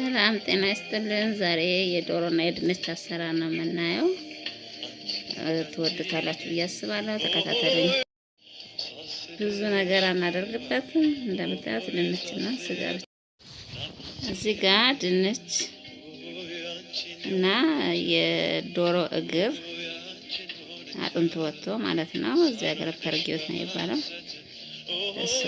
ሰላም ጤና ይስጥልን። ዛሬ የዶሮና የድንች አሰራር ነው የምናየው። ትወዱታላችሁ ብዬ አስባለሁ። ተከታተሉኝ። ብዙ ነገር አናደርግበትም። እንደምታዩት ድንችና ስጋ እዚህ ጋ ድንች እና የዶሮ እግር አጥንት ወጥቶ ማለት ነው። እዚህ ሀገር ፐርጌዎት ነው የሚባለው እሱ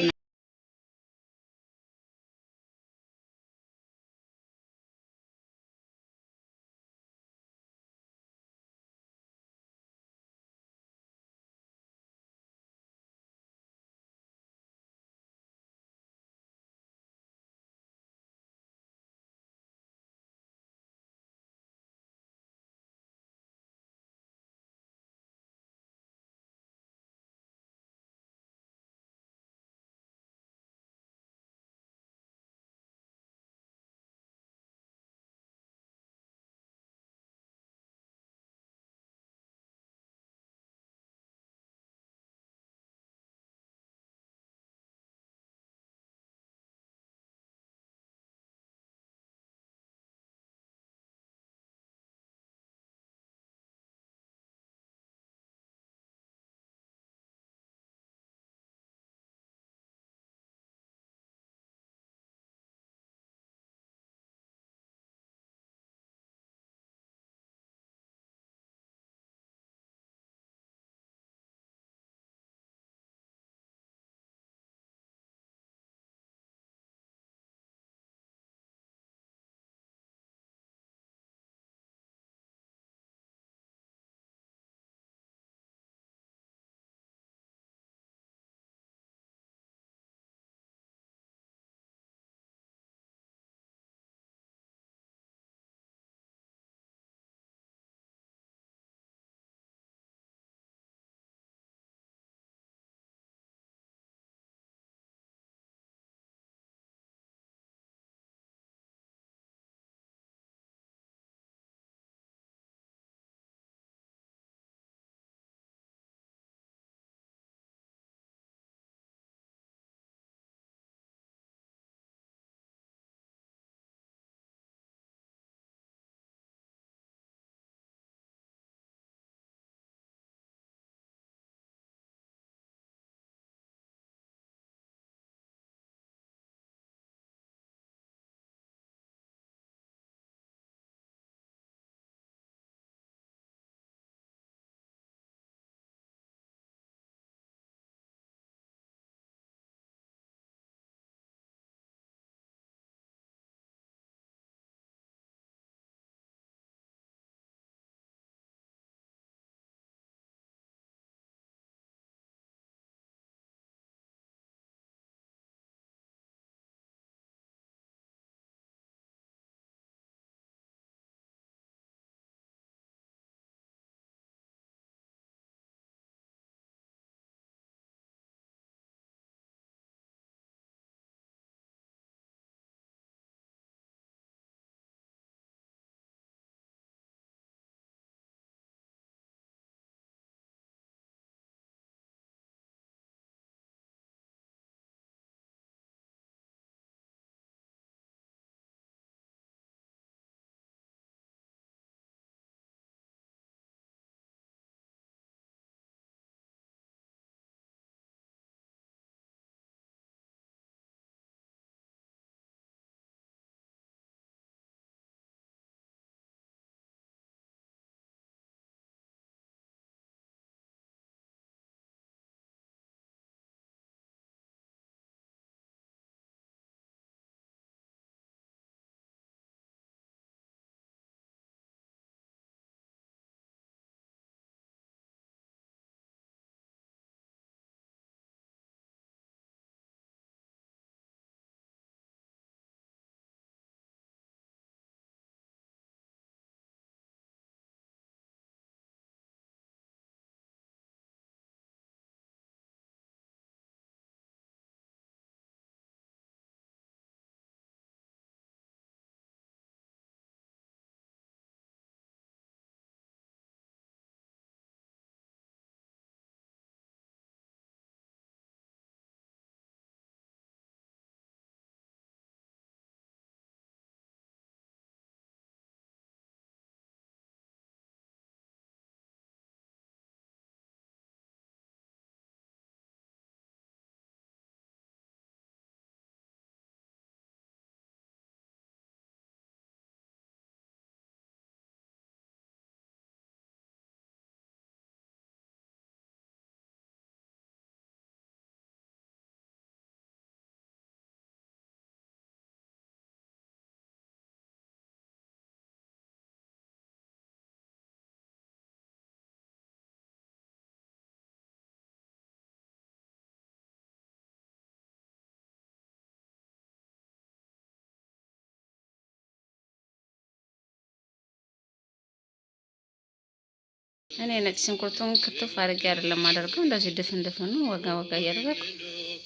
እኔ ነጭ ሽንኩርቱን ክትፍ አድርጌ አይደለም አደርገው፣ እንደዚህ ድፍን ድፍኑ ወጋ ወጋ እያደረግኩ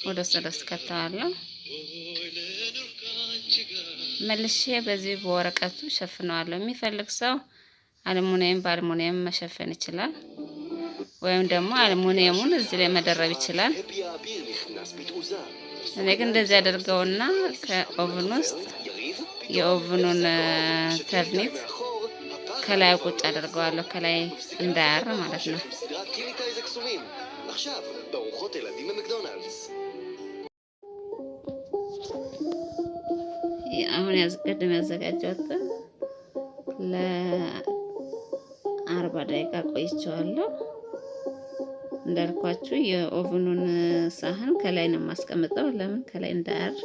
ወደ ውስጥ ደስ ከተዋለሁ። መልሼ በዚህ በወረቀቱ ሸፍነዋለሁ። የሚፈልግ ሰው አልሙኒየም በአልሙኒየም መሸፈን ይችላል፣ ወይም ደግሞ አልሙኒየሙን እዚህ ላይ መደረብ ይችላል። እኔ ግን እንደዚህ አደርገውና ከኦቭን ውስጥ የኦቭኑን ተርኒት ከላይ ቁጭ አደርገዋለሁ። ከላይ እንዳያር ማለት ነው። አሁን ቅድም ያዘጋጀሁት ለአርባ ደቂቃ ቆይቼዋለሁ። እንዳልኳችሁ የኦቭኑን ሳህን ከላይ ነው የማስቀምጠው። ለምን ከላይ እንዳያር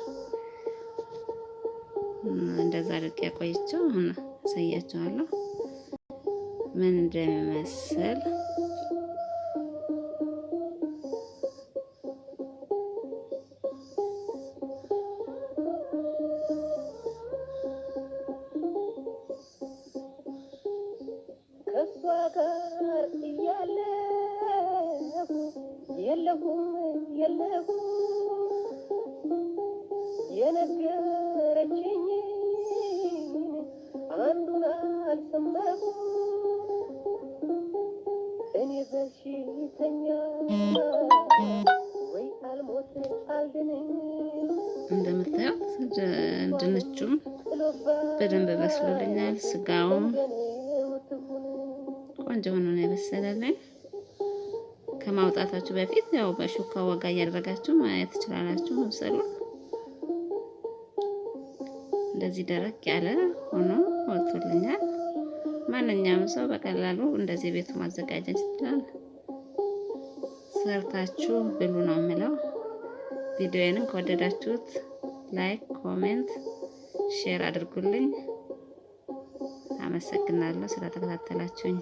እንደዛ አድርጌ ቆይቼው አሁን አሳያችኋለሁ። ምን እንደሚመስል የለሁም የለሁም እንደምታዩት ድንቹም በደንብ በስሎልኛል። ስጋውም ቆንጆ ሆኖ ነው የበሰለልኝ። ከማውጣታችሁ በፊት ያው በሹካ ወጋ እያደረጋችሁ ማየት ትችላላችሁ። መብሰሉ እንደዚህ ደረቅ ያለ ሆኖ ወጥቶልኛል። ማንኛውም ሰው በቀላሉ እንደዚህ ቤቱ ማዘጋጀት ይችላል። ሰርታችሁ ብሉ ነው የምለው። ቪዲዮዬንም ከወደዳችሁት ላይክ፣ ኮሜንት፣ ሼር አድርጉልኝ። አመሰግናለሁ ስለተከታተላችሁኝ።